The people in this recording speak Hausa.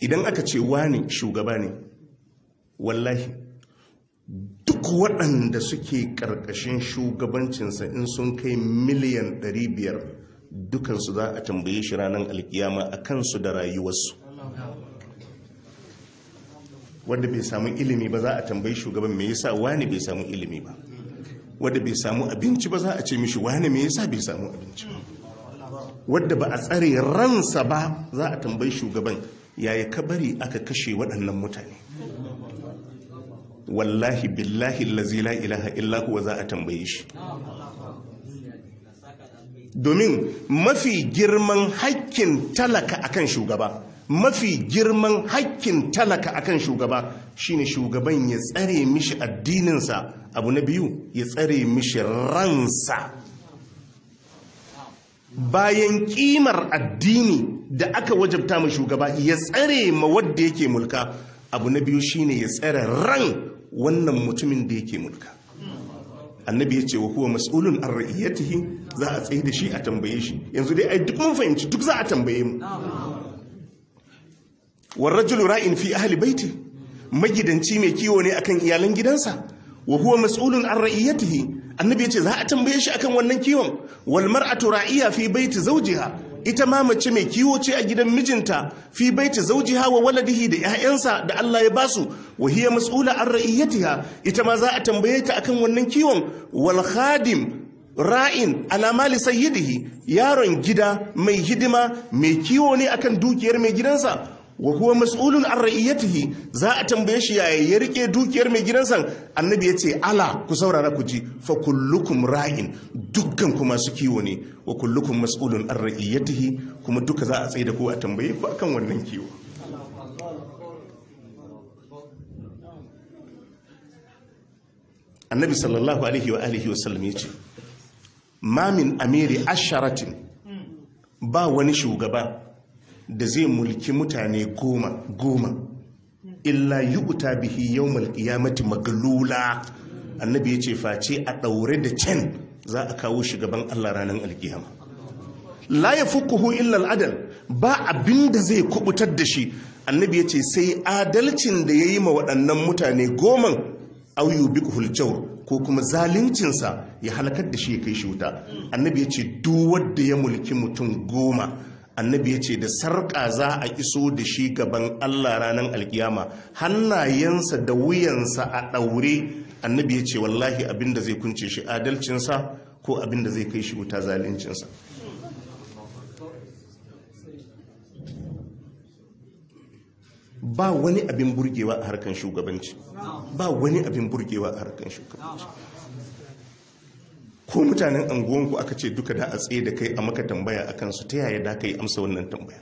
idan aka ce wani shugaba ne wallahi duk waɗanda suke ƙarƙashin shugabancinsa in sun kai miliyan 500 dukansu za a tambaye shi ranar alkiyama a kansu da rayuwarsu wanda bai samu ilimi ba za a tambayi shugaban me yasa wani bai samu ilimi ba Wadda bai samu abinci ba za a ce mishi wani me yasa bai samu abinci ba wadda ba a tsare ransa ba za a tambayi shugaban yaya ka bari aka kashe waɗannan mutane wallahi billahi lazi la ilaha illa wa za a tambaye shi domin mafi girman haƙƙin talaka akan shugaba mafi girman haƙƙin talaka akan shugaba shine shugaban ya tsare mishi addininsa abu na biyu ya tsare mishi ransa bayan kimar addini da aka wajabta ma shugaba ya tsare ma wadda yake mulka abu na biyu shine ya tsare ran wannan mutumin da yake mulka annabi ya ce wa kuwa mas'ulun an ra'iyyatihi za a tsaye da shi a tambaye shi yanzu dai ai duk mun fahimci duk za a tambaye mu war rajulu ra'in fi ahli baiti magidanci mai kiwo ne akan iyalan gidansa wa huwa mas'ulun an ra'iyyatihi annabi ya ce za a tambaye shi akan wannan kiwon Walmar a turaiya fi baiti zaujiha. ita ma mace mai kiwo ce a gidan mijinta fi baiti zaujiha wa waladihi da 'ya'yansa da Allah ya basu wa hiya mas'ula an ra'iyatiha ita ma za a tambaye ta akan wannan kiwon wal khadim ra'in alamali sayyidihi yaron gida mai hidima mai kiwo ne akan dukiyar mai gidansa wa huwa mas'ulun an ra'iyatihi za a tambaye shi yaya ya rike dukiyar mai gidansa annabi ya ce ala ku saurara ku ji fa kullukum ra'in dukkan ku masu kiwo ne wa kullukum mas'ulun an ra'iyatihi kuma duka za a tsaye da ku a tambaye ku akan wannan kiwo annabi sallallahu alaihi wa alihi wa sallam yace ma min amiri asharatin ba wani shugaba da zai mulki mutane goma goma illa uta bihi yau ya mati magalula. annabi ya ce face a ɗaure da can za a kawo shi gaban Allah ranar alkiyama la yafukuhu illa al'adal ba abinda zai kubutar da shi annabi ya ce sai adalcin da ya yi ma waɗannan mutane goman auyu bi jawr ko kuma zaluncinsa ya halakar da shi ya kai shi wuta annabi yace duk wanda ya mulki mutum goma annabi ya ce da sarƙa za a iso da shi gaban allah ranar alkiyama hannayensa da wuyansa a ɗaure annabi ya ce wallahi abin zai kunce shi adalcinsa ko abin zai kai shi wuta zalincinsa. ba wani abin burgewa a harkan shugabanci ba wani abin burgewa a harkan shugabanci ko mutanen anguwanku aka ce duka da a tsaye da kai a maka tambaya akan su ta yaya da ka yi amsa wannan tambaya?